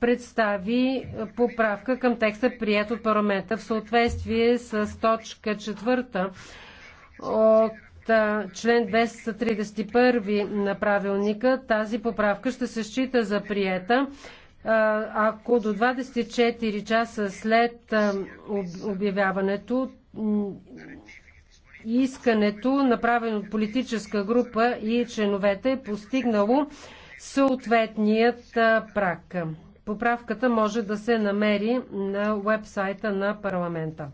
представи поправка към текста, прият от парламента в съответствие с точка 4 от член 231 на правилника. Тази поправка ще се счита за приета, ако до 24 часа след обявяването искането, направено от политическа група и членовете, е постигнало съответният прак. Поправката може да се намери на вебсайта на парламента.